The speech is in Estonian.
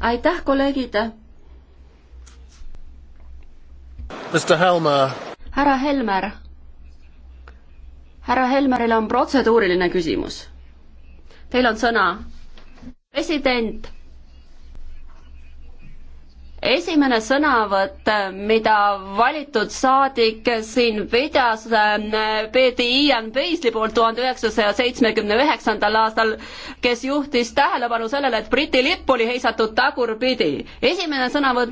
aitäh, kolleegid. härra Helmer. härra Helmeril on protseduuriline küsimus. Teil on sõna. president esimene sõnavõtt, mida valitud saadik siin pidas, äh, peeti Ian Paisley poolt tuhande üheksasaja seitsmekümne üheksandal aastal, kes juhtis tähelepanu sellele, et Briti lipp oli heisatud tagurpidi. esimene sõnavõtt,